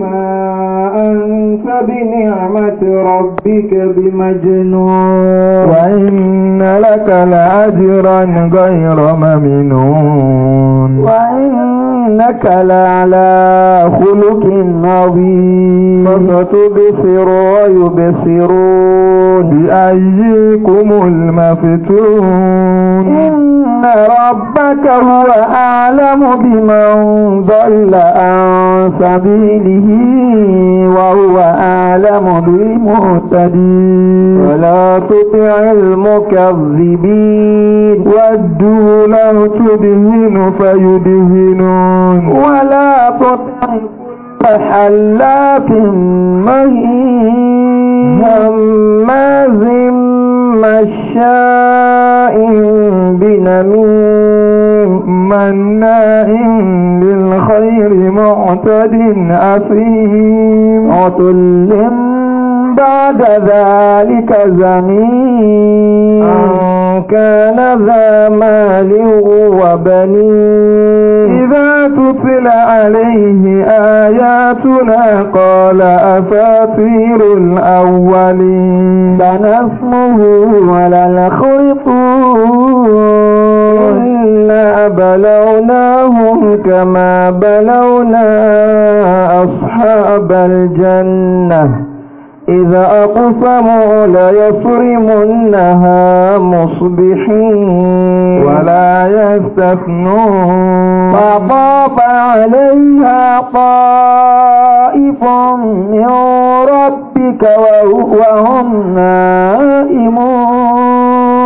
ما أنت بنعمة ربك بمجنون وإن لك لأجرا غير ممنون وإن إنك لعلى خلق عظيم فستبصر ويبصرون بأيكم المفتون إن ربك هو أعلم بمن ضل عن سبيله وهو أعلم بالمهتدين ولا تطع المكذبين ودوا له تدهن فيدهنون ولا تطع كل حلاف مهين هماز مشاء بنميم مناع للخير معتد أثيم عتل بعد ذلك زمين آه. كان ذا مال وبنين إذا تتل عليه آياتنا قال أساطير الأولين بنى اسمه ولا الخرطوم إنا بلوناهم كما بلونا أصحاب الجنة إذا أقسموا ليصرمنها مصبحين ولا يستثنون فطاب عليها طائف من رب ربك وهم نائمون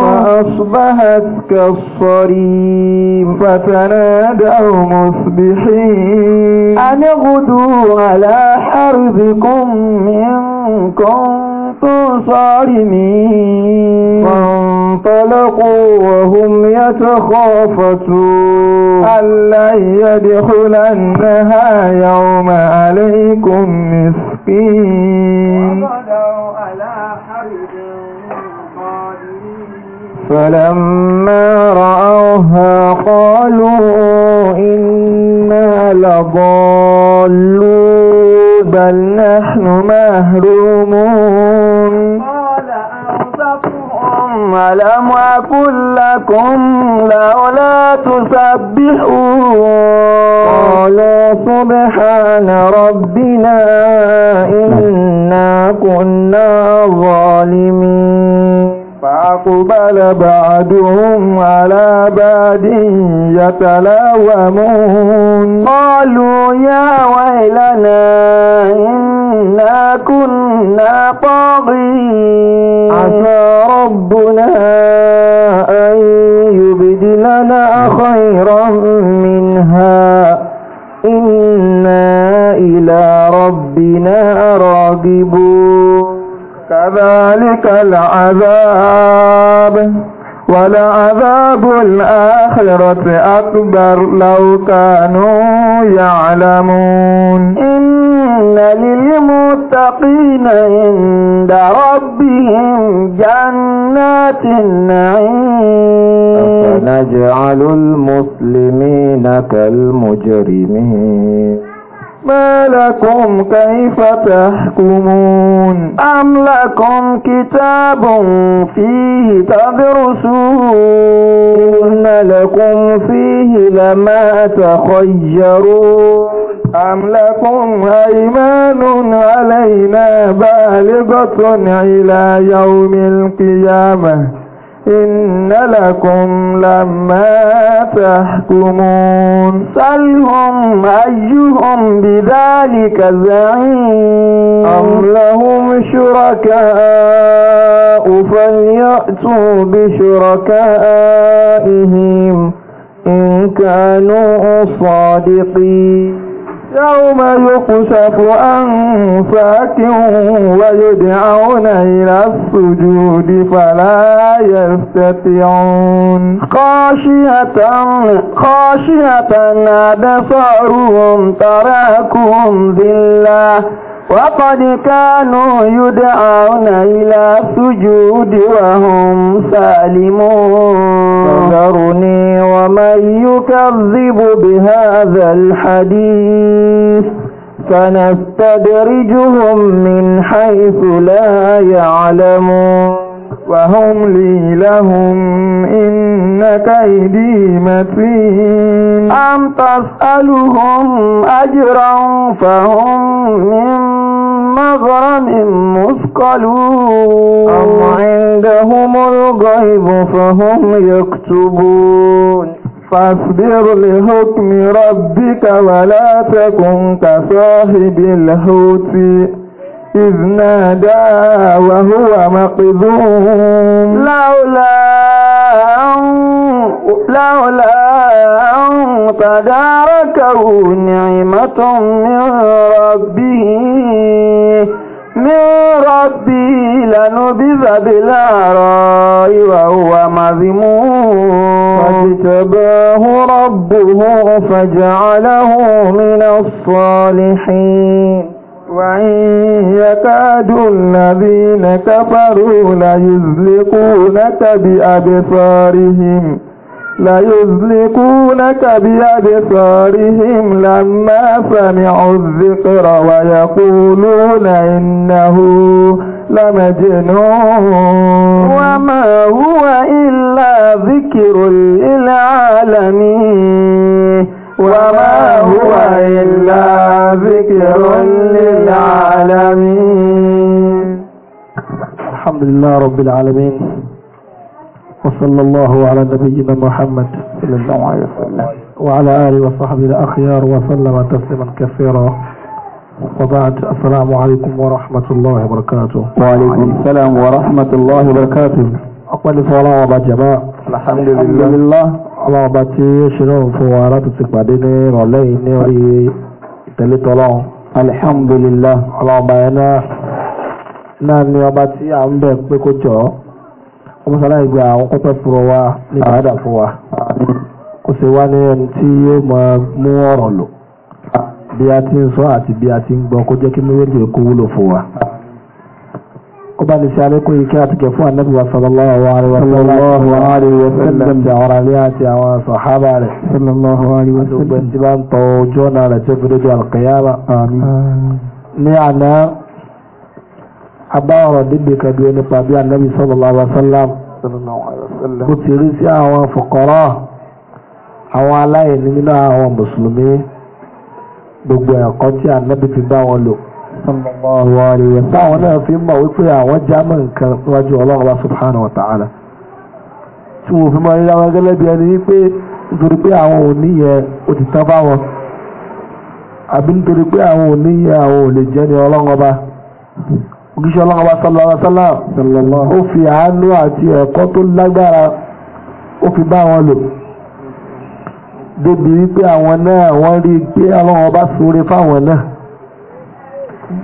فأصبحت كالصريم فتنادوا مصبحين أن اغدوا على حربكم إن كنتم صارمين فانطلقوا وهم يتخافتون ألا يدخلنها يوم عليكم مثل مستقيم فلما رأوها قالوا إنا لضالون بل نحن مهرومون ألم أقل لكم لولا تسبحون سبحان ربنا إنا كنا ظالمين فأقبل بعضهم على بعد يتلاومون قالوا يا ويلنا إنا كنا طاغين عسى ربنا أن يبدلنا خيرا منها إنا إلى ربنا راغبون كذلك العذاب ولعذاب الآخرة أكبر لو كانوا يعلمون إن للمتقين عند ربهم جنات النعيم أفنجعل المسلمين كالمجرمين ما لكم كيف تحكمون أم لكم كتاب فيه تدرسون إن لكم فيه لما تخيرون أم لكم أيمان علينا بالغة إلى يوم القيامة إن لكم لما تحكمون سلهم أيهم بذلك زعيم أم لهم شركاء فليأتوا بشركائهم إن كانوا صادقين يوم يقسف أنفاك ويدعون إلى السجود فلا يستطيعون خاشية خاشية أبصارهم تراكم ذلة وقد كانوا يدعون إلى سجود وهم سالمون فذرني ومن يكذب بهذا الحديث سنستدرجهم من حيث لا يعلمون وهم لي لهم إن إن كيدي متين أم تسألهم أجرا فهم من مغرم مثقلون أم عندهم الغيب فهم يكتبون فاصبر لحكم ربك ولا تكن كصاحب الحوت إذ نادى وهو مقذوم لولا لولا أن تداركه نعمة من ربه من ربه لنبذ بالعراء وهو مذموم فاجتباه ربه فجعله من الصالحين وإن يكاد الذين كفروا ليزلقونك بأبصارهم ليزلقونك بأبصارهم لما سمعوا الذكر ويقولون إنه لمجنون وما هو إلا ذكر للعالمين وما هو إلا ذكر للعالمين الحمد لله رب العالمين وصلى الله على نبينا محمد صلى الله عليه وسلم وعلى آله وصحبه الأخيار وسلم تسليما كثيرا وبعد السلام عليكم ورحمة الله وبركاته وعليكم السلام ورحمة الله وبركاته أقبل صلاة لله, الحمد لله ọlọ́run ọba tí ó ṣe náà fún wa láti ti pàdé ní ìrọ̀lẹ́ yìí ní orí ìtẹ̀lẹ́tọ́lọ́run alhamdulillah ọlọ́run ọba náà ni ọba tí à ń bẹ̀ pé kó jọ ọmọ wa ní ìbáradà wa sì wá ní ẹni tí yóò máa mú ọ̀rọ̀ lò bí a ti ń sọ àti bí a ti ń gbọ́ kó jẹ́ kí méjèèjì kó wúlò fún wa. ọba lè ṣe alékún yìí kí a ti kẹ fún anabi wa sallallahu alayhi wa sallam ti àwọn alẹ́ àti àwọn sàhábà rẹ̀ sallallahu alayhi wa sallam àdúgbò tí bá ń tọ́ ojú ọ̀nà rẹ̀ tó fi dójú ní àná abá ọ̀rọ̀ dídì kẹdùn ẹni pàbí anabi sallallahu alayhi wa sallam kò ti rí sí àwọn fòkọ́rọ́ àwọn aláìní nínú àwọn mùsùlùmí gbogbo ẹ̀kọ́ tí anabi fi bá wọn lò sallallahu alayhi wa táwọn náà fi mọ̀ wípé àwọn jámọ̀ nǹkan níwájú ọlọ́run bá subhanahu wa ta'ala tí wọ́n fi mọ ríra wọn gẹ́lẹ́ bí ẹni wípé nítorí pé àwọn ò ní yẹ òtítọ́ bá wọn àbí nítorí pé àwọn ò ní yẹ àwọn ò jẹ́ ní ọlọ́run ògíṣẹ́ ọlọ́run sallallahu ó fi àánú àti ẹ̀kọ́ tó lágbára ó fi bá wọn lò débi wípé àwọn náà wọ́n rí pé ọlọ́run sóore fáwọn náà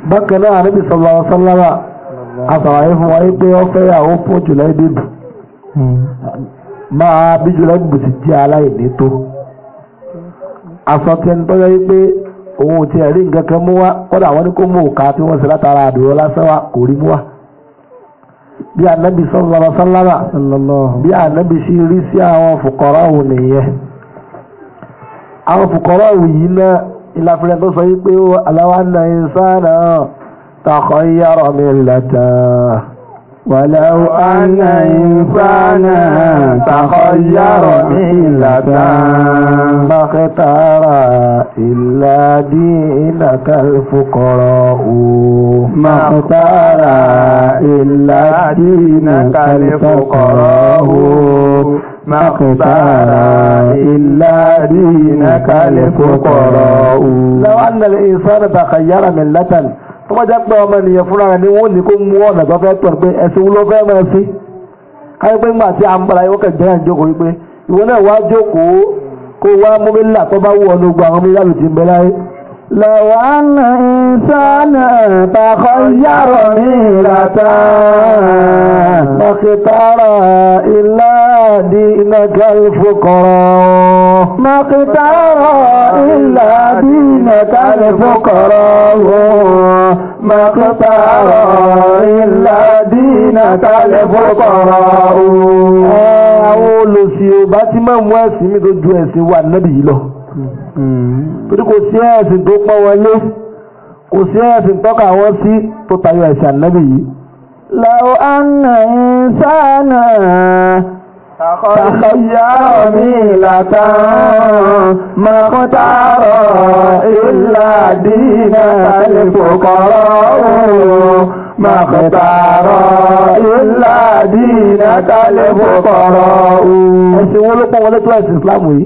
bákan náà níbi sọlọ sọlọ́wà àṣàwáyé fún wa pé ó fẹ́ yàwó fún jùlọ ìdìbò máa bí jùlọ ìdìbò sì jẹ́ aláìní tó àsọtí ẹni tó yẹ pé òun ti ẹ̀rí nǹkan kan mú wá kọ́dà wọn ní kó mú òkà tí wọ́n sì látara àdúró lásán wa kò rí mú wá bí ànábì sọlọ́wà sọlọ́wà bí ànábì sì rí sí àwọn fùkọ́rọ́ òun nìyẹn àwọn fùkọ́rọ́ òun yìí náà ìlàfíà tó sọ wípé ó aláwa na ìsáànà takọ̀ yàrá mi lẹ́tà wàláwù àna ìsáànà takọ̀ yàrá mi lẹ́tà mọ́kítàrà ìlàdí ìnàkàlùfùkọ̀rọ̀ o mọ́kítàrà ìlàdí ìnàkàlùfùkọ̀rọ̀ مقتارا إلا دينك الفقراء لو أن الإنسان تخير ملة tó bá jẹ́ pé ọmọ ènìyàn fúnra rẹ̀ ni wọ́n ní kó mú ọ̀nà tó fẹ́ tọ̀ pé ẹ̀sìn wo ló fẹ́ mọ̀ sí káyọ̀ pé nígbà tí a ń bala ìwọ́ kẹ̀kẹ́ náà jókòó wípé ìwọ náà wá jókòó kó wá mú mi là tó bá wù ọ́ lógun àwọn ọmọ yàrá ti ń bẹ láyé لو أن إنسانا تخير ميلة ما اختار إلا دينك الفقراء ما اختار إلا دينك الفقراء ما اختار إلا دينك الفقراء àwọn olùsí ọba tí máa mú ẹ̀sìn mi Hmm. torí kò sí ẹ̀sìn tó pọ́ wọlé kò sí ẹ̀sìn tọ́ka wọ́n sí tó tayọ ẹ̀sìn ànábì yìí. لو أن إنسانا تخير ميلة ما اختار إلا دينة الفقراء ما اختار إلا دينة ẹ̀sìn wọn ló pọ̀ wọlé tó ẹ̀sìn Islam yìí.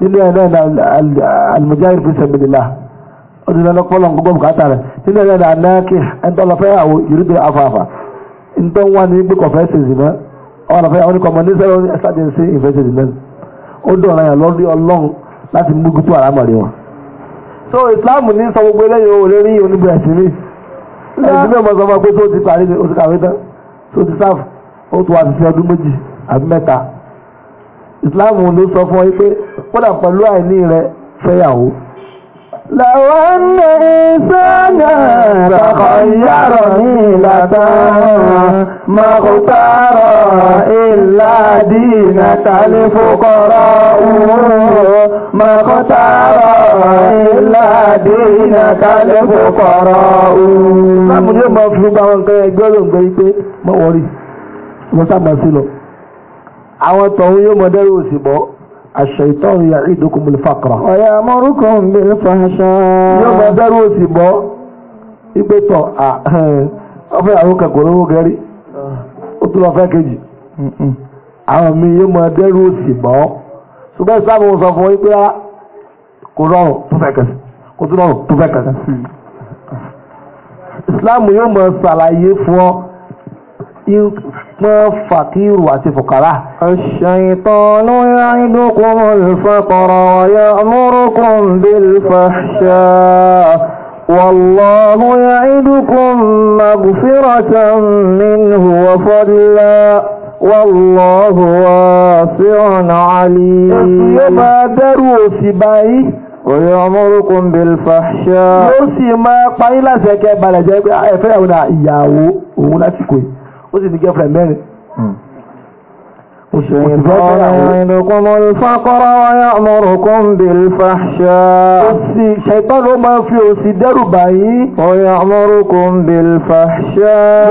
nínú ẹ̀ náà almujahid fi sabilillah ọdún ẹ̀nà kọ́lọ̀ nǹkan bọ́ọ̀mù káàtà rẹ̀ nínú ẹ̀ náà anáàkì ẹ̀ńtọ́ lọ́fẹ́ àwọ yorùbá afáfá ntọ́ wà ní gbé kọfẹ́ ṣèṣì náà ọ̀rọ̀ lọ́fẹ́ àwọn oníkọ̀ọ́mọ ní sẹ́wọ́n ṣàjẹsí ìfẹsẹ̀ṣì náà ó dọ̀rọ̀ yàn lọ́rí ọlọ́run láti múgútú àrámọ̀rí wọn. so islam ní sọ gbogbo eléyìí ò lè rí oníbẹ̀ ẹ̀sìn mi ẹ̀sìn mi ò mọ̀ sọ fún ọ pé sí islam ló sọ fún ọ pé kódà pẹ̀lú àìní rẹ fẹ́yàwó. لَوَنَّ إِنسَانَ تَخَيَّرَ مِيلَةً مَا اخْتَارَ إِلَّا دِينَةَ الْفُقَرَاءُ مَا اخْتَارَ إِلَّا دِينَةَ الْفُقَرَاءُ Láàmù ní ọmọ fún gbàwọn nǹkan ẹgbẹ́ òǹgbẹ́ yìí pé mọ̀ wọ́rí, sábà sí lọ. àwọn tọ̀hún yóò mọ dẹ́rù òsì bọ́ ash-shaytanu ya'idukumul faqra. wa ya'murukum bil fahsha. yóò mọ dẹ́rù òsì bọ́ ìgbé tọ̀ ọfẹ́ àwọn gẹ́rí ó tún lọ mi yóò mọ dẹ́rù òsì bọ́ ṣùgbọ́n ìsáàmù sọ fún yín pé kò rọrùn tó pọ́n fàkírù àti fòkàrà. Ash-shaytanu ya'idukumul faqra wa ya'murukum bil fahsha. والله يعدكم مغفرة منه وفضلا والله واسع عليم يبا دروا سباي ويأمركم بالفحشاء يرسي ما قيل سكبل جاي افرعون ياو ولا تكوي ó sì ní girlfriend mẹ́rin. يعلمكم الفقر ويأمركم بالفحشاء الشيطان ما في سدر باي ويأمركم بالفحشاء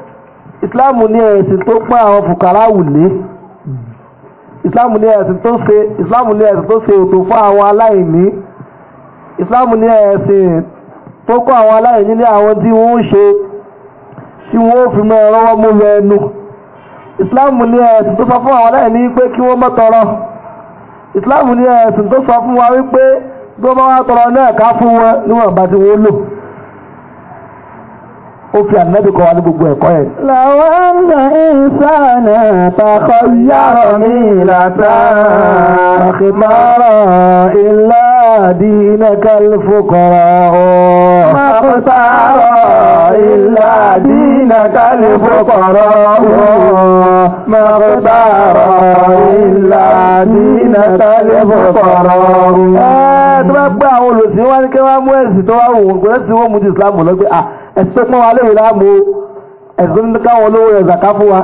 ìsìláàmù ní ẹ̀sìn tó pẹ́ àwọn fùkàrà wùlé ìsìláàmù ní ẹ̀sìn tó ṣe ìsìláàmù ní ẹ̀sìn tó ṣe ètò fún àwọn aláìní ìsìláàmù ní ẹ̀sìn tó kọ́ àwọn aláìní ní àwọn tí wọ́n ń ṣe tí wọ́n fi mọ́ ẹ̀rọ wọ́n mú lọ ẹnu ìsìláàmù ní ẹ̀sìn tó sọ fún àwọn aláìní pé kí wọ́n má tọrọ ìsìláàmù ẹ̀sìn tó sọ fún wa wípé tó bá wá tọrọ náà ká fún wọn níwọ̀nba tí wọ́n lò ó fi ànábì kọ́ wa ní gbogbo ẹ̀kọ́ yẹn. làwọn ọmọ ìsànà pàkọ yàrá mi làtà àkìmọ́rọ̀ ilá dínà kálífòkọ̀rọ̀ ọ̀. màkùsàrọ̀ ilá dínà kálífòkọ̀rọ̀ ọ̀. màkùsàrọ̀ ilá dínà kálífòkọ̀rọ̀ ọ̀. ẹ tó bá gbé àwọn olùsìn wá ní kí wọ́n mú ẹ̀sìn tó wá wò ó gbé ẹ̀sìn wọ́n mú ti islam lọ ah, ẹ̀sùn pọ́n wa léyìn láàmú ẹ̀sùn káwọn olówó rẹ̀ zàká fún wa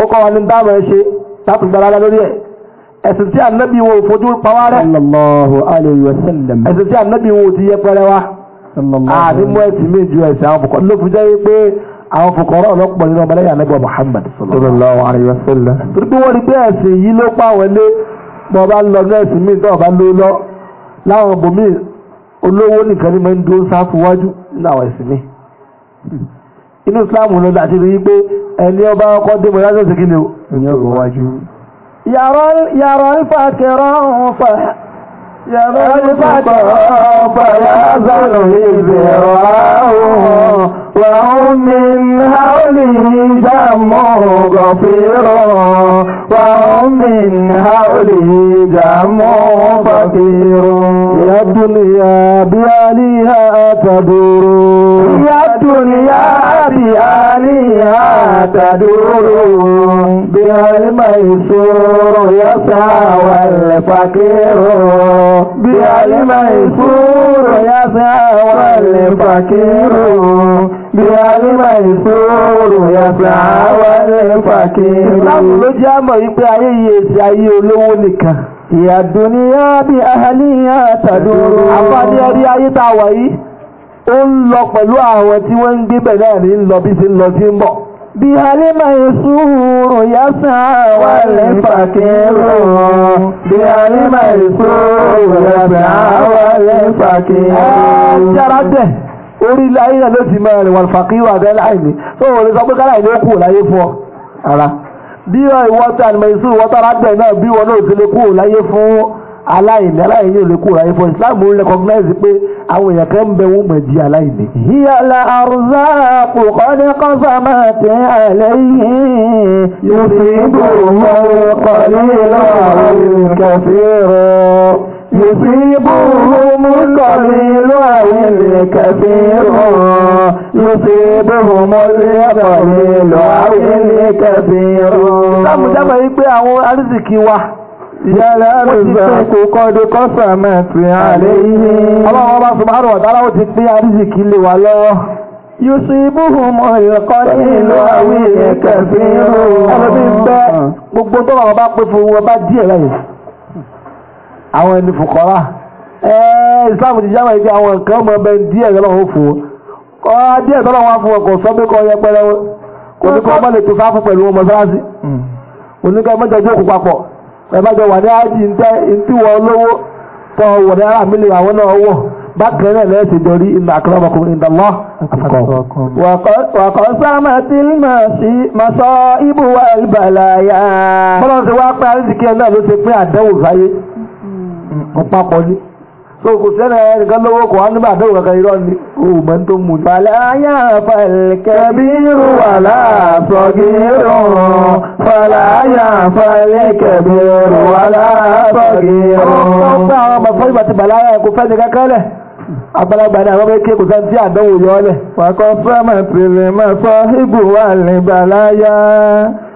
ó kọ́ wa ní dáàmú ẹ̀ ṣe láti gbára lórí ẹ̀ ẹ̀sùn tí ànábì wo fojú pawá rẹ̀ ẹ̀sùn tí ànábì wo ti yẹ pẹrẹ wa àní mú ẹ̀sìn mi ju ẹ̀sìn àwọn fòkọ́ ló fi jẹ́ pé àwọn fòkọ́rọ́ ọlọ́pọ̀ nínú ọmọlẹ́yìn ànábì Muhammad sallallahu alaihi míì olówó nìkan ní máa ń dúró sáfù wájú nínú àwọn inú islam ló dàtí rí pé ẹni ọba ọkọ dé mọ̀ yájọ́ sí kí ni o ìyẹn ọ̀rọ̀ wájú. yàrá ìfà kẹrọ ọ̀hún fà yàrá ìfà ọ̀hún fà yàrá ìfà ọ̀hún fà. وهم من هوله دم غفير وهم من هوله دم غفير يا الدنيا بأهلها تدور يا الدنيا بأهلها تدور بها الميسور يسعى والفقير بها الميسور يسعى والفقير Ìrànlọ́mà ìfòòrò yàtà wà ní pàkí. Ìsìláàmù ló jẹ́ àmọ̀ wípé ayé yìí èsì ayé olówó nìkan. Ìyàdúníyà bí ahàlíyà tàdúró. Àfáàní ẹrí ayé tá a wà yìí, ó ń lọ pẹ̀lú àwọn tí wọ́n ń gbé bẹ̀rẹ̀ ní ń lọ bí ti ń lọ sí ń bọ̀. Bí Halima ìṣúrò yásà wà ní pàkínrò. Bí Halima ìṣúrò yásà wà ní pàkínrò. Ẹ jẹ́ra tẹ̀ orí láyé náà ló ti máa rìn wọn fàkírù àdáláìní tó wọn lè sọ pé káláì ló kù láyé fún ọ ara bí ìwọ tí àlùmọ̀ ìṣú ìwọ tára bẹ̀ náà bí wọn náà ti lè kù láyé fún aláìní aláìní ò lè kù láyé fún Islam ń recognize pé àwọn èèyàn kan ń bẹ wọn mọ̀ di aláìní. ìyàlá àrùsá kò kọ́ ní kọ́sàmà tẹ àlẹ́ yìí yóò sì gbòòrò kọ́ ní lọ́wọ́ kẹfì rẹ̀. يصيبهم القليل أو الكثير يصيبهم القليل أو الكثير Ìsáàmù jábọ̀ yí pé àwọn arísìkí wa. Yàrá rẹ̀ kò kọ́dé kọ́sà mẹ́tì àlẹ́ yìí. Ọlọ́run ọba Subhanahu wa ta'ala ti pín arísìkí lé wa lọ́wọ́. Yusibuhum al-qalilu aw al-kathiru. Ẹlẹ́bí ń bẹ́ gbogbo tó bá wọn bá pé fún wọn bá díẹ̀ láyé. àwọn ẹni fòkọ́rá islam ti jáwọ́ ibi àwọn nǹkan ọmọ ẹbẹ díẹ̀ lọ́wọ́ fún wọn kọ́ díẹ̀ tọ́lọ́ wọn fún ya kò sọ pé kọ́ yẹ pẹ́rẹ́ kò ní kọ́ ọmọ lè tó sáfù pẹ̀lú wọn mọ́sálásí oníkẹ́ mẹ́jọ jókòó papọ̀ ẹ̀bájọ wà ní ájì ntí wọ olówó tọ́ wọ̀ ní ara àwọn náà wọ̀ bákan náà sáàmà tí mà sí ibùwà ìbàlàyà. bọ́lá ti wá pé ọ̀pápọ̀ so kò sẹ́nà ẹnìkan lówó kò wọ́n nígbà dẹ́wò kankan irọ́ ni òun mọ́ tó mú ni. fàlàyà fàlẹ̀kẹ́ bí irú wàlà sọ̀gì irun fàlàyà fàlẹ̀kẹ́ bí irú wàlà sọ̀gì irun. wọ́n gbà àwọn ọmọ fún ìgbà tí bàláyà kò fẹ́ ní kankan lẹ̀ àgbàlagbà ni àwọn ọmọ eke kò sáà tí àdánwò yọ ọ lẹ̀. wàkọ́ fẹ́mẹ̀ pèlè mẹ́fọ́ ibù wà ní bàláyà.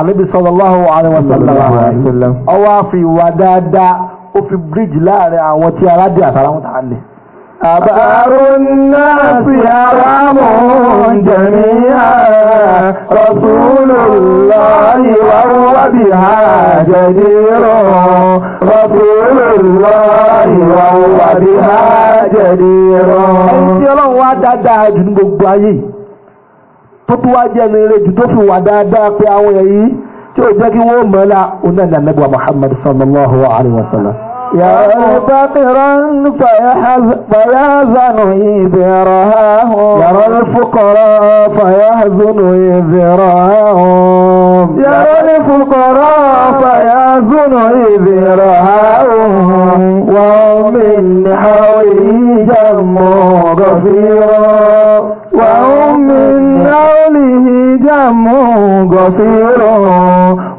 àbíbi sallallahu alaihi wasallam ọwọ́ àfi ìwà dáadáa ó fi bíríjì láàrin àwọn tí aládé àtàràwọn tàà lè. àbárò náà sí aráàmù jẹ̀mí rasulullahi wa huwa biha jadirun rasulullahi wa huwa biha jadirun. ẹni tí ọlọ́run wá dáadáa jù ní gbogbo ayé yìí. tó tún wá jẹ́ ní rẹ̀ jù tó fi wà dáadáa pé àwọn èèyàn yìí tí ó jẹ́ kí wọ́n mọ̀ ọ́lá oná ní anábíwá muhammad sallallahu alayhi wa sallam. yàrá fàkìrà ń fàyàzánù ìbẹ̀rọ̀ ahùn. yàrá fúkọ̀rọ̀ fàyàzánù ìbẹ̀rọ̀ ahùn. yàrá fúkọ̀rọ̀ fàyàzánù ìbẹ̀rọ̀ ahùn. wọ́n mi ní àwọn èyí jẹ́ mọ́ gọ́fìrọ̀. wọ́n mi ní àwọn. جم غفير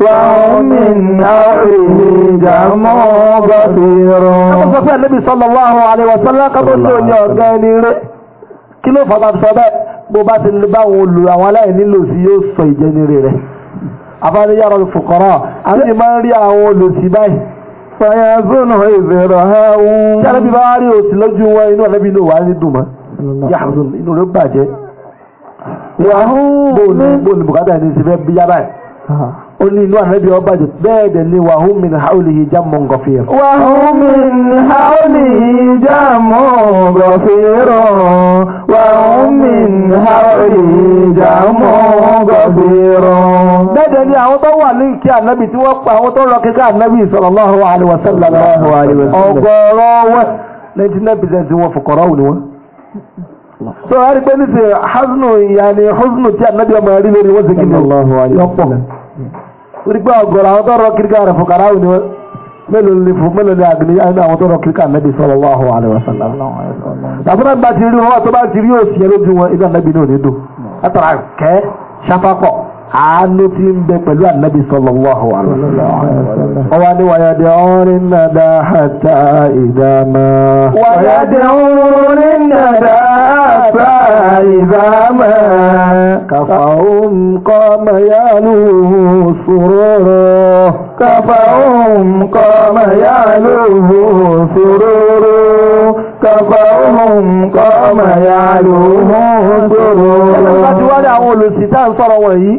وهم من أمره جم غفير ọ̀sọ̀fẹ́ níbi sallallahu alaihi wasallam kọ́bọ̀ ní òní ọ̀gá ẹni rẹ̀ kí ló fàbà sọ bẹ́ẹ̀ bó bá ti bá wọn olù àwọn aláìní lò sí yóò sọ ìjẹni rẹ̀ afáníyàrá fòkọ̀rọ̀ àti ìmọ̀ ń rí àwọn olùsí báyìí fayazunu ìzẹ̀rọ̀ ẹ̀hún. tí alẹ́bí bá wá rí òsì lójú wọn inú alẹ́bí inú wa ní dùn mọ́ yàrá inú rẹ̀ bàjẹ́ bóòlù oh, bóòlù bùkátà ẹni sì fẹ́ bí yá báyìí ó ní inú ànábì ọba jù bẹ́ẹ̀ dẹ̀ ni wàhún min haúlìhì jámọ̀ ngọ̀fìrọ̀. wàhún min haúlìhì jámọ̀ ngọ̀fìrọ̀ wàhún min haúlìhì jámọ̀ ngọ̀fìrọ̀. bẹ́ẹ̀ dẹ̀ ni àwọn tó wà ní ìkí ànábì tí wọ́n pa àwọn tó lọ kíkà ànábì sallallahu alaihi wasallam ọgọ́rọ̀ wẹ̀ 99% wọn fòkọ̀rọ̀ wọn so a rí pé ní ti hasnu ìyàní husnu tí ànábì ọmọ rí lórí wọ́n ti kí orí pé ọ̀gọ̀rọ̀ àwọn tó rọ kíríkà rẹ̀ fòkàrà òní mélòó ni fún mélòó ni àgbẹ̀ ní àwọn tó rọ kíríkà ànábì sallallahu alaihi wasallam tàbúrò bá ti rí wọn tó bá ti rí òsì yẹn lójú wọn ibi ànábì ní dùn látara kẹ́ sáfàkọ̀ àánú tí ń bẹ pẹ̀lú ànábì sallallahu alaihi wasallam. ọwọ́ ni wàyà dé ọrin nàdá hatta idha ma. wàyà dé ọrin nàdá hatta idha ma. kàfàún qama yàlú surura. kàfàún qama yàlú surura. kàfàún qama yàlú surura. ẹ̀sùn bá ti wá ní àwọn olùsìn tá à ń sọ̀rọ̀ wọ̀nyí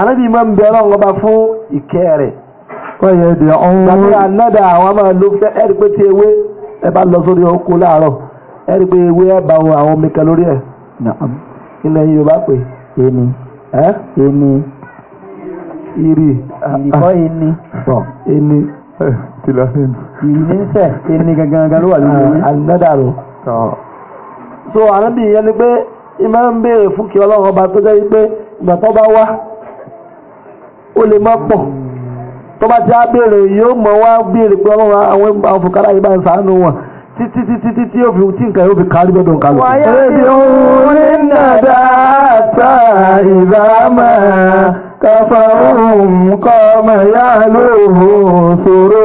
anábì máa ń bẹ ọlọ́run ọba fún ìkẹ́ rẹ̀ gbàgbé ànádà àwọn máa ló fẹ́ ẹ̀rí pé tí ewé ẹ bá lọ sórí oko láàárọ̀ ẹ̀rí pé ewé ẹ̀ bá wọn àwọn omi kan lórí ẹ̀ ilẹ̀ Yorùbá pé Iri. Ah, ẹ́ èmi ìrì ìrìkọ́ ẹni ẹni ìrì ní sẹ̀ ẹni gangan gan ló wà lórí ẹ̀ ah, ànádà rò so ànábì yẹn ni I ìmọ̀ ń béèrè fún kí ọlọ́run ọba tó jẹ́ pé ìgbà bá wá ó lè má pọ̀ tó bá ti á béèrè yóò mọ̀ wá béèrè pé ọlọ́run àwọn àwọn fòkàrà yìí bá ń sàánú wọn títí títí títí yóò fi tí nǹkan yóò fi kárí bẹ́ẹ̀ dùn kálù. wáyé bí òun ní nàdá àtà ìbámà kàfàhùn kọ́mọ yálò sòrò.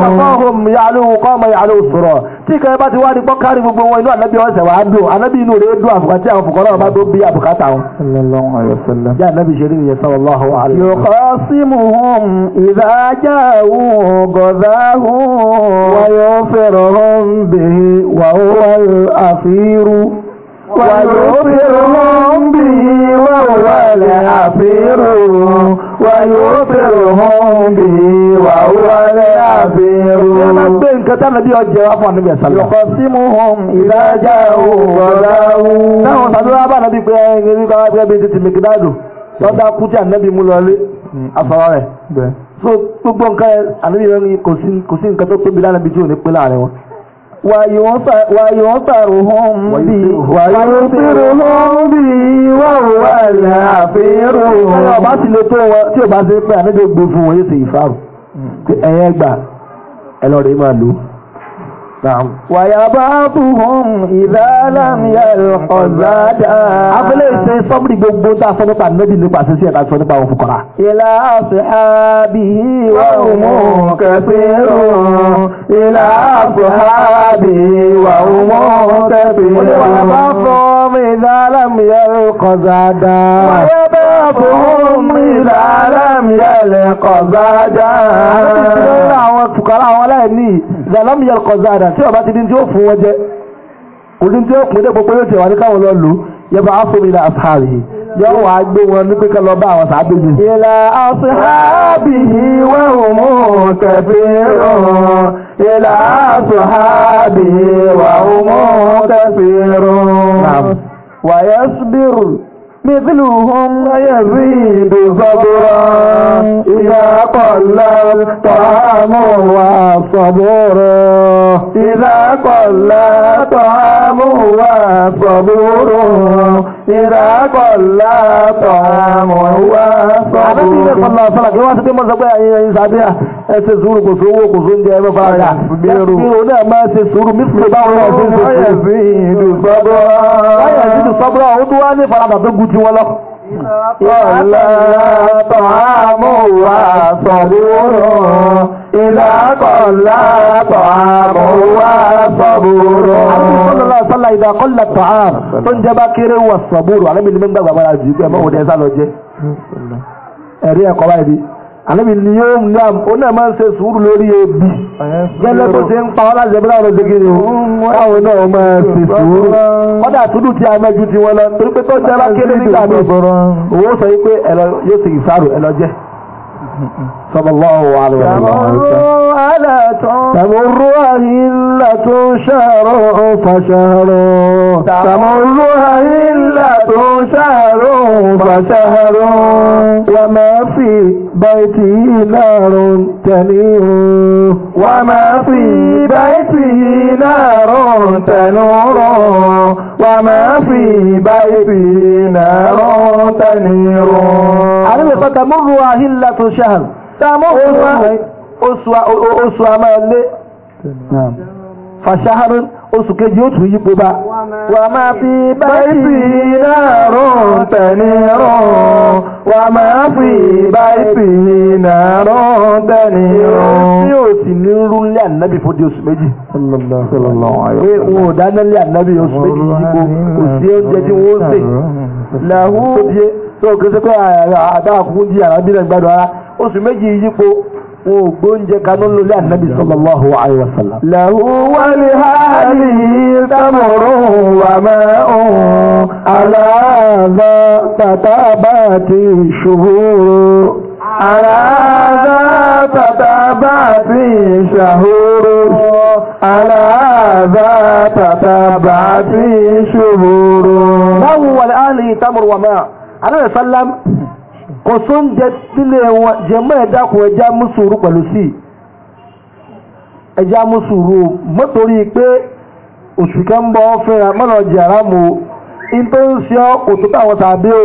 kàfàhùn yálò kọ́mọ yálò sòrò tí kan bá ti wá di pọ́kárì gbogbo wọn inú ànábì ọ̀sẹ̀ wàá dùn ànábì inú rẹ̀ dùn àfùkàtì àwọn fòkànlá ọba tó bí àbùkátà wọn. jẹ́ ànábì ṣe nínú yẹsẹ̀ ọlọ́hu àlẹ́. yòókọ́ símù hùm ìdájà hùn gọ̀dá hùn wáyọ̀ fẹ̀rọ̀ hùn bèè wà ó wà àfírú. wáyọ̀ fẹ̀rọ̀ hùn bèè wà ó wà àfírú. ويوفرهم به وهو الغفير بين كتاب دي وجه وافو النبي صلى الله عليه وسلم يقسمهم إذا جاءوا وجاءوا نعم صدوا أبا نبي بيان يقول بيت مقداد صدى كوتي النبي مولولي أفواره so gbogbo nǹkan ẹ àníbi ìrẹ́ni kò sí nǹkan tó tóbi lánàá bí tí ò ní pé láàrin wọn ويطرهم بي ويطرهم بي وهو الغفير ọba ti le tó wọn tí ò bá ti pẹ́ àníjọ́ gbé fún wọn yóò sì fáwọn ẹ̀yẹ́ gbà ẹ lọ́ọ́ rẹ̀ máa lò ó. Wàyàbáàbùhùn ìdálàmìyà ọ̀zádà. Abúlé ìṣe sọ́mùrì gbogbo tá a sọ nípa níbi nípa sísí ẹ̀ka sọ nípa òfin kọ́ra. Ìlà àṣìhábì wà òmù kẹfìrún. Ìlà àṣìhábì wà òmù kẹfìrún. Wàyàbáàbùhùn ìdálàmìyà ọ̀zádà. Wàyàbá ربهم إذا لم يلق زادا àwọn fùkárà àwọn aláìní ìdá lọ́mù wọn ní káwọn lọ bá fún mi ní àṣàrí yóò wá gbé wọn ní pípẹ́ lọ bá àwọn sàábéjì. ìlà àṣàbí kẹfì rùn ìlà àṣàbí ìwà òmù مثلهم يزيد صبرا إذا قل الطعام وصبر إذا قل الطعام وصبر ìdá kọ̀lá tọ̀ọ̀mọ̀ wá sọ́ọ̀bù. àbẹ́sí ilé kọ̀lá ọ̀sán àti wọ́n ti dé mọ́sọ́ ìdákọ̀lá tọ̀àmù wà sọ̀bùrù. Àbúrò sọ́lá ìdákọ̀lá tọ̀àmù tó ń jẹ́ bá kéré wà sọ̀bùrù. Àlébì ni mo ń gbàgbà bára jù pé ẹ̀mọ́ òde ẹ̀sà lọ jẹ́. Ẹ̀rí ẹ̀kọ́ báyìí bí. Àlébì ni yóò ń gbà ó náà máa ń ṣe sùúrù lórí ebi. Gẹ́lẹ́ tó ṣe ń pa ọ́ láti ẹ̀bí láwọn ọ̀dẹ́gẹ́ ni káwọn náà máa ṣe sùúrù. Kọ́dà túdù tí a máa ju tiwọn lọ torí pé tó ń jẹ́ bá kéré nígbà míì. صلى الله عليه وسلم تمر أهلة شهر فشهر تمر أهلة شهر فشهر وما في بيته نار تنير وما في بيته نار تنور وما في بيته نار تنير àníbi sọ tàmúrù àhílà tó ṣáàrù oṣù àmà ilé fàṣáhárù oṣù kejì ó tún yípo bá wà máa fi báyìí náà rùn tẹ̀lé rùn wà máa fi báyìí náà rùn tẹ̀lé rùn tí ó sì ní rúlé ànábì fún di oṣù méjì pé wọn ò dáná lé ànábì oṣù méjì yípo kò sí oúnjẹ tí wọ́n ó sè làwọn ó bíé tó o kìí ṣe pé eh, eh, àdáwà kúkú jí àràbí náà gbádùn ara oṣù méjì yípo wọn ò gbóúnjẹ kaná lórí ànábì sallallahu alaihi wasallam. lahu wa li halihi tamurun wa ma'un ala hadha tatabati shuhur ala hadha tatabati shuhur anáwẹ̀ sálám kò sóúnjẹ sílé wọn jẹmọ́ ẹ̀dá kò ẹja mú sùúrù pẹ̀lú sí ẹja mú sùúrù mọ́tòrí pé oṣù kan bọ́ fẹ́ra mọ́nà jẹ́ àrámù in ń ṣe ọ́ kò tó tàbí o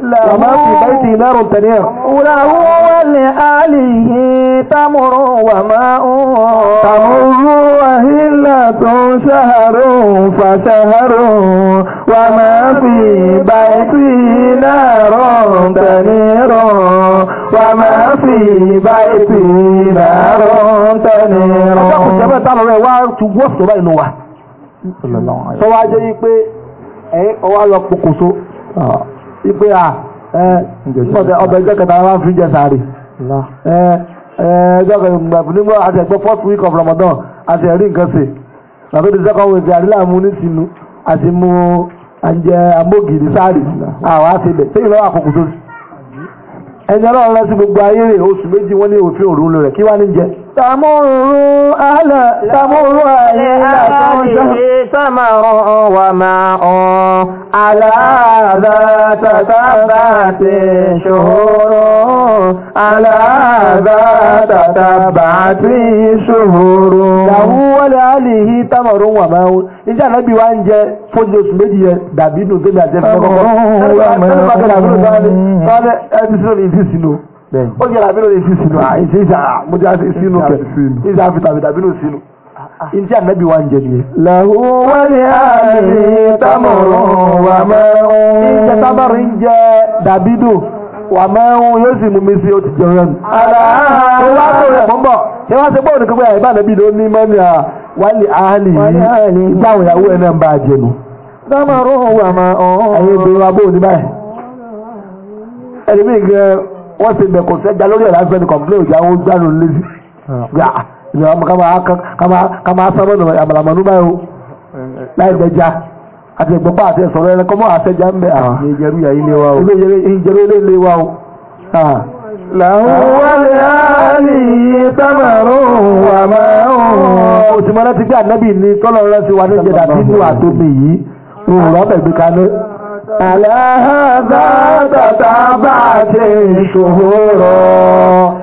وما في بيته نار تنير وله ولآله تمر وماء تمر وهلة شهر فشهر وما في بيته نار تنير وما في بيته نار تنير ọjọ́ ìjọba ìtàlọ́ rẹ̀ wá túgbọ́ sọ́rọ̀ inú wa sọ wá jẹ́ yí ipe à ọbẹ̀ ọ bụ máa ń fi jẹ sàárì ẹjọ́ kẹta nígbà àti ẹgbẹ́ first week Ramadan àti ẹ̀rí nǹkan sè tàbí àti mú sàárì àwọn àkókò tó ẹni lọ sí gbogbo ayé oṣù méjì ní òfin òru kí ní تمر أهل تمر أهل ثمر وماء على ذات تبعة شهور على ذات تبعة شهور لهو ولعله تمر وماء ìjẹ́ ànábì wa ń jẹ fójú oṣù méjì yẹn dàbí nù tó bí àjẹsí lọ́kọ̀ọ́kọ́ ẹni bá tẹ́lẹ̀ ó jẹ́ àbí lóde sí sínú àìsí ìsà àmójá sí sínú kẹ ìsà àfitàfità bínú sínú ìdí ànábì wa ń jẹ nìyẹn. làwọn wọ́n ní àmì támọ̀rún wà mẹ́rún. ìjẹ tábàrún ń jẹ dàbídò wà mẹ́rún yóò sì mú mi sí ó ti jẹun rẹ̀. aláàbò wá tó rẹ̀ mọ́ bọ̀ ṣé wá ṣe bọ́ọ̀lù kíkọ́ àyè bá ànábì ló ní mọ́ni à wálé àhálì yìí táwọn ìyàwó ẹ̀ náà ń bá a jẹnu. támọ̀rún wà mẹ́rún. ẹ̀yin obìnrin wa bó o ní báyìí. ẹ̀ẹ́dẹ̀mí gan-an wọ́n ti bẹ̀ kò fẹ́ ja lórí ẹ̀ lásán ni kọ̀m̀pléyìn ìjà ó jáde lé sí ìyá ọmọ ká máa sábà nù àmàlàmọ́nú báyìí o láì bẹ ja àti ìgbọ́pá àti ìsọ̀rọ̀ ẹ̀rẹ́ kọ́mọ́ àtẹ́já ń bẹ̀ àwọn ah, ìjẹ̀rú ilé wa o ìjẹ̀rú ilé ilé wa o. Ah. làwọn wálé áàlì sábàrún wà máa ń. òtún mọ́lá ti gbé ànábì ní tọ́lọ́rọ́ ti wà ní ìjẹ̀dá nínú àtòmì yìí òun rọ́ọ̀bẹ̀ gbé kalẹ̀. على هذا تتابعت الشهور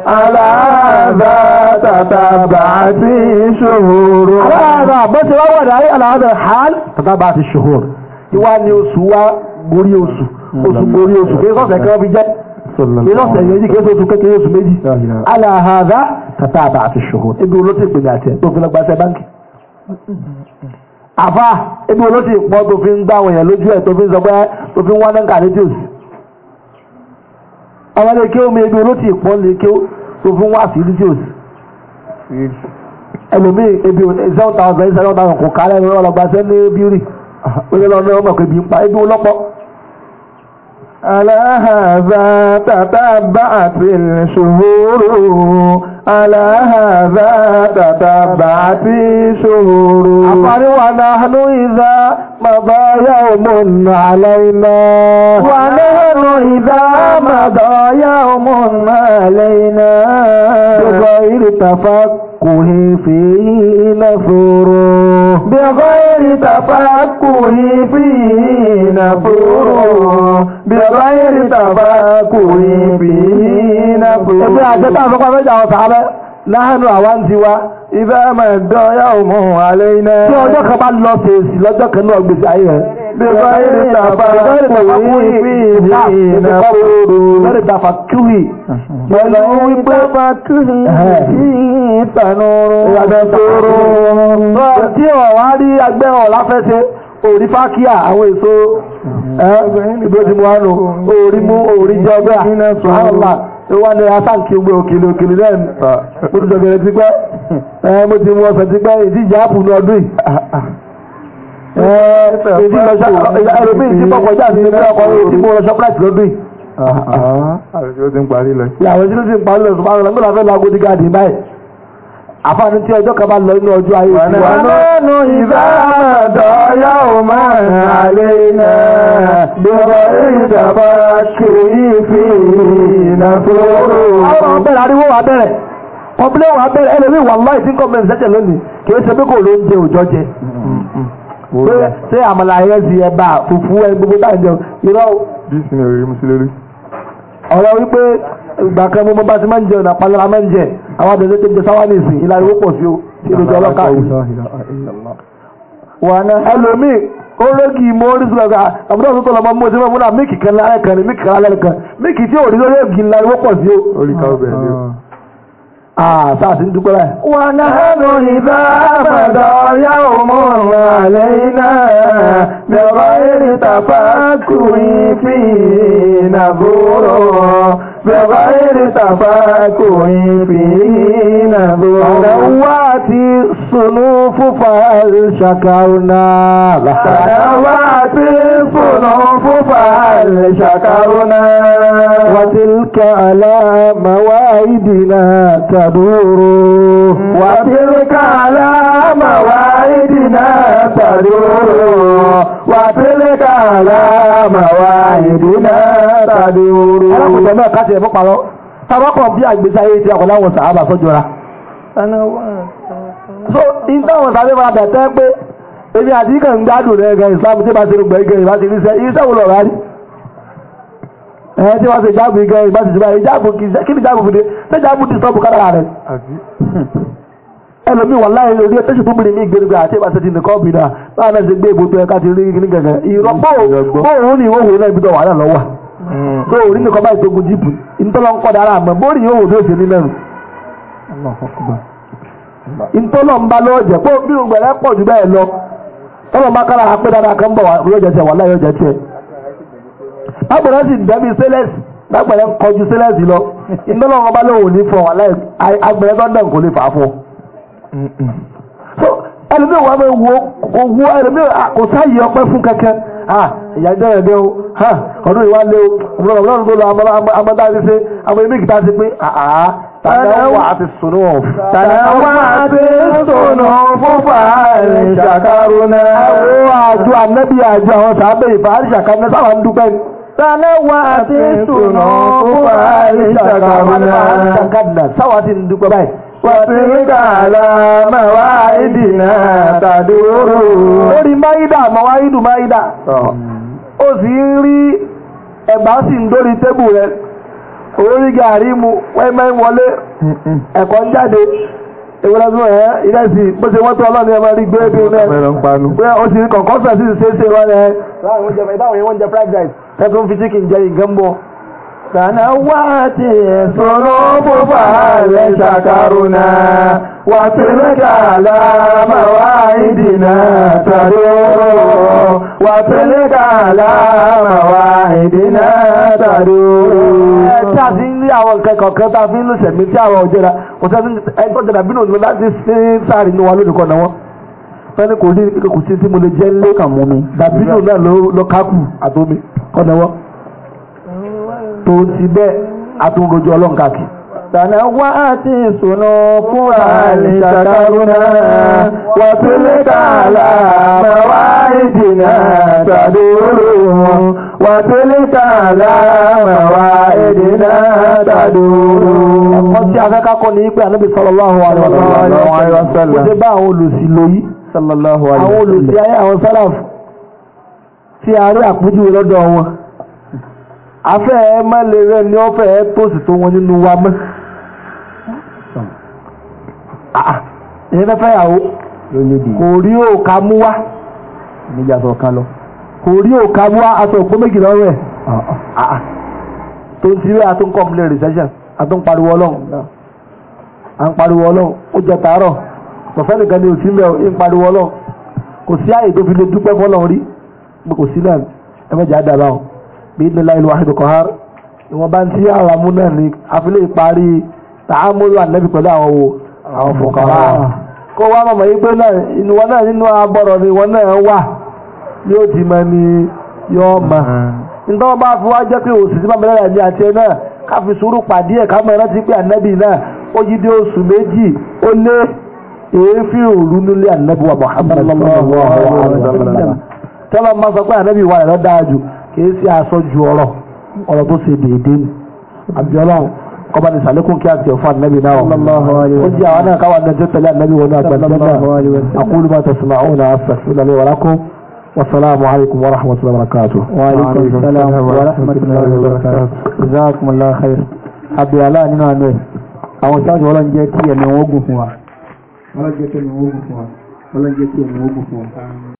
على هذا تتابعت الشهور على هذا بس هو داي على هذا الحال تتابعت الشهور يواني وسوا غوري وسو وسو غوري وسو كيف صار كده بيجد kìí lọ́sẹ̀ méjì kìí sọ́tún kékeré oṣù méjì aláhàdá tàtàbà àti ṣòro ibi olóṣèlú àti ẹ̀ tó fi lọ gbàṣẹ báńkì àfà ebi wo ló ti pọ̀ tó fi ń gbá àwọn èèyàn lójú ẹ̀ tó fi ń sọ pé tó fi ń wá lẹ́ńkà ní jòsì àwọn ilé kí omi ebi wo ló ti pọ̀ lè kí tó fi ń wá sí ní jòsì ẹlòmíì ebi seven thousand seven thousand kò kálẹ̀ ẹ̀rọ ọlọ́gbàṣẹ́ ní bírì ó lé lọ́nà ọmọ pé bí ń pa ebi wo lọ́pọ̀. على هذا تتبعت الشهور على هذا تتبعت الشهور أفر ونحن إذا مضى يوم علينا ونحن إذا مضى يوم علينا بغير تفكر تفقه فيه نفوره بغير تفقه فيه نفوره بغير تفقه فيه نفوره. ẹgbẹ́ àjẹta àfọ́pá mẹ́jà ọ̀sán alẹ́ láhánú àwọn tiwa. ibà máa ń dán yà alẹ́ iná. bí ọjọ́ kan bá lọ fèsì lọ́jọ́ kan náà gbèsè ayé rẹ̀. na yìí tàbá kúrì bí ìnà kúrò. lórí ìdàfà kúrì. pẹ̀lú wípé bá kúrì ìtànúrú. ìyàgbẹ́ tí rí agbẹ́ ọ̀ láfẹ́sẹ̀ orí fákíà àwọn èso orí mú orí jọgbà. wọ́n ní asáǹkì gbé òkèlè òkèlè lẹ́yìn ah. mo ti dọ̀gẹ̀rẹ̀ ti pẹ́ eh, mo ti mú ọ̀sẹ̀ ti pẹ́ ìdí ìjà àpò ní ọdún yìí. ìdí ìlọsọ ẹlòmí ìdí pọ̀pọ̀jà ní eh, ilé ọkọ̀ ìdí mo lọ ṣọ́pìláìtì lọ́dún yìí. Ah, ah. àwọn tí ló ti ń parí lọ. ìyàwó tí ló ti ń parí lọ sùpàrọ̀ lọ́gbọ́n la fẹ́ lọ agodi gáàdì báyìí. àfààní قضى يوما bi بغير تفكري فينا ọ̀rọ̀ bẹ̀rẹ̀ ariwo wa bẹ̀rẹ̀ ọ̀bẹ̀rẹ̀ wa bẹ̀rẹ̀ ẹlẹ́rìí wà láì sí gọ́ọ̀mẹ̀ntì lẹ́jẹ̀ lónìí kì í ṣe pé kò ló ń jẹ òjọ́ jẹ ṣé àmàlà ẹ̀rẹ́sì ẹ̀bà fùfú ẹ̀ gbogbo báyìí jẹun irọ́ ọ̀rọ̀ wípé ìgbà kan mo bá ti máa ń jẹ ọ̀nà àpàlọ́ra máa ń jẹ àwọn àbẹ̀rẹ̀ tó jẹ sáwá nìsín ìlànà ìwọ́pọ̀ sí o ṣe lójú ọlọ́kà yìí wàhánà ẹlòmíì olóògì ìmọ̀ orísun ọ̀gá àbúrò ọ̀sán tó lọ́mọ mú ọtí mọ́mú náà míìkì kan lálẹ́ kan ní míìkì kan lálẹ́ kan míìkì tí òrí lórí ògì ńlá ni wọ́n pọ̀ sí o. orí ká obìnrin ni o. àà sáà ti ń dúpẹ́ láì. wọn àánú ìbá àbàdà ọ̀yá òmùrùn àlẹ́ iná bẹ̀rọ ìrìtàpá kùnrin fi ìnàbúrò. بغير تفاكه فيه نذور تنوات الصنوف فهل شكونا تنوات الصنوف هل شكرنا وتلك على مواعيدنا تدور وتلك على مواعيدنا تدور وتلك على مواعيدنا تدور Tàbákọ̀ bí àgbèsà ayé ti àkọ̀láwọn sàábà sọ́jọ́ra. So, ìtàwọn sàábà bàdà tẹ́ pé ebi àti ikẹ̀ ń gbádùn rẹ̀ gan ìsìlámù tí bá se gbẹ̀ igẹ̀ ìbá ti ríṣẹ́ iṣẹ́ wo lọ̀rọ̀ rí eh tí wọ́n se jáàbù igẹ̀ ìbá ti jùlọ ìjáàbù kí ni jáàbù fìdí ṣé jáàbù ti sọ́ọ̀bù kára rẹ̀ ẹlòmí wà láyé orí ẹ tẹ́sí fúnbìnrin ní ìgbéríga àti ìbáṣẹ ti nìkan bìnà báwọn náà ṣe gbé ìbò tó ẹ̀ka ti rí ní gẹ̀gẹ̀ náà ibi tó wà náà lọ́wọ́ hmm. tó orí nìkan báyìí tó gun ọlọ́run bá kára àpé dáadáa kan bọ̀ yóò jẹ́ tiẹ̀ wàhálà yóò jẹ́ tiẹ̀. lágbàdá sì dẹ́bi sílẹ̀sì lágbàdá kọjú sílẹ̀sì lọ ìdánlọ́run ọba lóun ò ní fọ wàhálà àgbẹ̀rẹ̀ tó dẹ̀ kò lè fà á fún ẹlòmíì wà máa wo owó ẹlòmíì ah, kò sáyé ọpẹ́ fún kẹ̀kẹ́ ah, ìyá ìjọ yẹn dé o ọdún ìwà lé o ọmọdé ọmọdé ọmọdé ọmọdé amọdá ti ṣe àwọn ẹbí kìtà ti pé ah, àá tàdáwà àti sùnú ọ̀f. tàdáwà àti sùnú fúnfà ẹ̀rìn ṣàkárò náà. àwọn àjọ ànábì àjọ àwọn sàábẹ̀ ìfàárí ṣàkárò náà sábà dúpẹ́ ni. tàdáwà àti sùnú fúnfà ẹ̀rìn ṣàkárò náà. وتلك على مواعيدنا تدور lórí máídà mọ̀wáídù máídà ó sì ń rí mu wẹ́mẹ́ wọlé ẹ̀kọ́ njade. ewúrẹ́ fún ẹ̀ ìrẹsì bó ṣe wọ́n tó ọlọ́ni máa rí gbé bí rẹ̀ pé ó sì kọ̀kọ́ sí ṣe é ṣe wọ́n rẹ̀. láwọn oúnjẹ fried rice تنوعت صنوف فهل شكرنا وتلك على مواعيدنا تدور وتلك على مواعيدنا تدور tí a ti ń rí àwọn nǹkan kọ̀ọ̀kan tá a fi ń lòṣẹ̀ mi tí àwọn òjẹ́ra kò sẹ́ni ẹgbọ́n jẹ̀dà bínú òṣèlú láti ṣe ń sáàrin ní wa lónìí kan náà wọ́n fẹ́ni kò ní kò sí tí mo lè jẹ́ lé kàn mú mi dàbínú náà ló kákù àtomi kan náà wọ́n tó ti bẹ́ẹ̀ atúnrojú ọlọ́run káàkiri. Tànà wá àti ìsúná fún àlè ṣàkárúnà, wà tí lẹ́kà àlàmà wá ìdìnà tàbí olóòrùn, wà tí lẹ́kà àlàmà wá ìdìnà tàbí olóòrùn. Ẹ̀kọ́ tí afẹ́ká kọ́ ní pé ànábì sallallahu alaihi wasallam. Ó ti bá àwọn olùsìlò yìí, àwọn olùsì ayé àwọn sálàfù, tí a rí àpújú lọ́dọ̀ wọn afẹ́ ẹ má lè rẹ ní ọ́fẹ́ ẹ tòsí tó wọn nínú wa mọ́ ìyẹn ah, fẹ́ yàwó kò rí òkà mú wá kò rí òkà mú wá aṣọ òpó méjì lọ́rùn ẹ̀ ah, ah. tó ń tiré àtún kọ́mílẹ̀ recession àtún pariwo ọlọ́run à ń pariwo ọlọ́run ó jẹ tàárọ̀ kọ̀fẹ́ nìkan ni òsì mẹ́ọ̀ ń pariwo ọlọ́run kò sí àyè tó fi lè dúpẹ́ fọlọ́run rí kò sí náà ẹ mẹ́jẹ̀ á dábàá o bíbí láì lọ àṣìkò kọ́hár ìwọ̀n bá ń tí àwọn amú náà ní àfilẹ̀ ìparí tààmúlò ànẹ́bí pẹ̀lú àwọn wo àwọn fòkàrà ah. kó wá mọ̀mọ́ yìí pé náà ìwọ náà nínú abọ́rọ̀ ni ìwọ náà wà yóò ti mọ ni yóò mọ nítorí wọn bá fi wá jẹ́ pé òsì sí bàbá ẹ̀mí àti ẹ̀ náà ká fi sùúrù pàdé ẹ̀ ká mọ̀ ẹ̀ rántí pé ànẹ́bí náà ó yí dé oṣù méjì ó lé èéfín òru nílé ànẹ́bí wa Muhammad èyí sí àsọjù ọ̀rọ̀ ọ̀rọ̀ tó ṣe déédé ni àbí ọlọ́run kọba ní sàlékún kí a ti ọ̀fà nẹ́bí náà ó jẹ́ àwọn náà káwọn ẹjọ́ tẹ̀lé ànẹ́bí wọn náà gbẹ̀dẹ́ náà àkúlù máa tẹ̀sùn àwọn ọ̀nà àfẹ́sílẹ̀ wàlákùn والسلام عليكم ورحمة الله وبركاته وعليكم السلام ورحمة الله وبركاته جزاكم الله خير àbí aláà nínú àánú ẹ̀ àwọn ṣáàjú ọlọ́run jẹ́ kí ẹ̀mí wọn ó gùn fún wa ọlọ́run jẹ́ ẹ̀mí wọn gùn fún wa ọlọ́run jẹ́ kí ẹ̀mí wọn gùn fún wa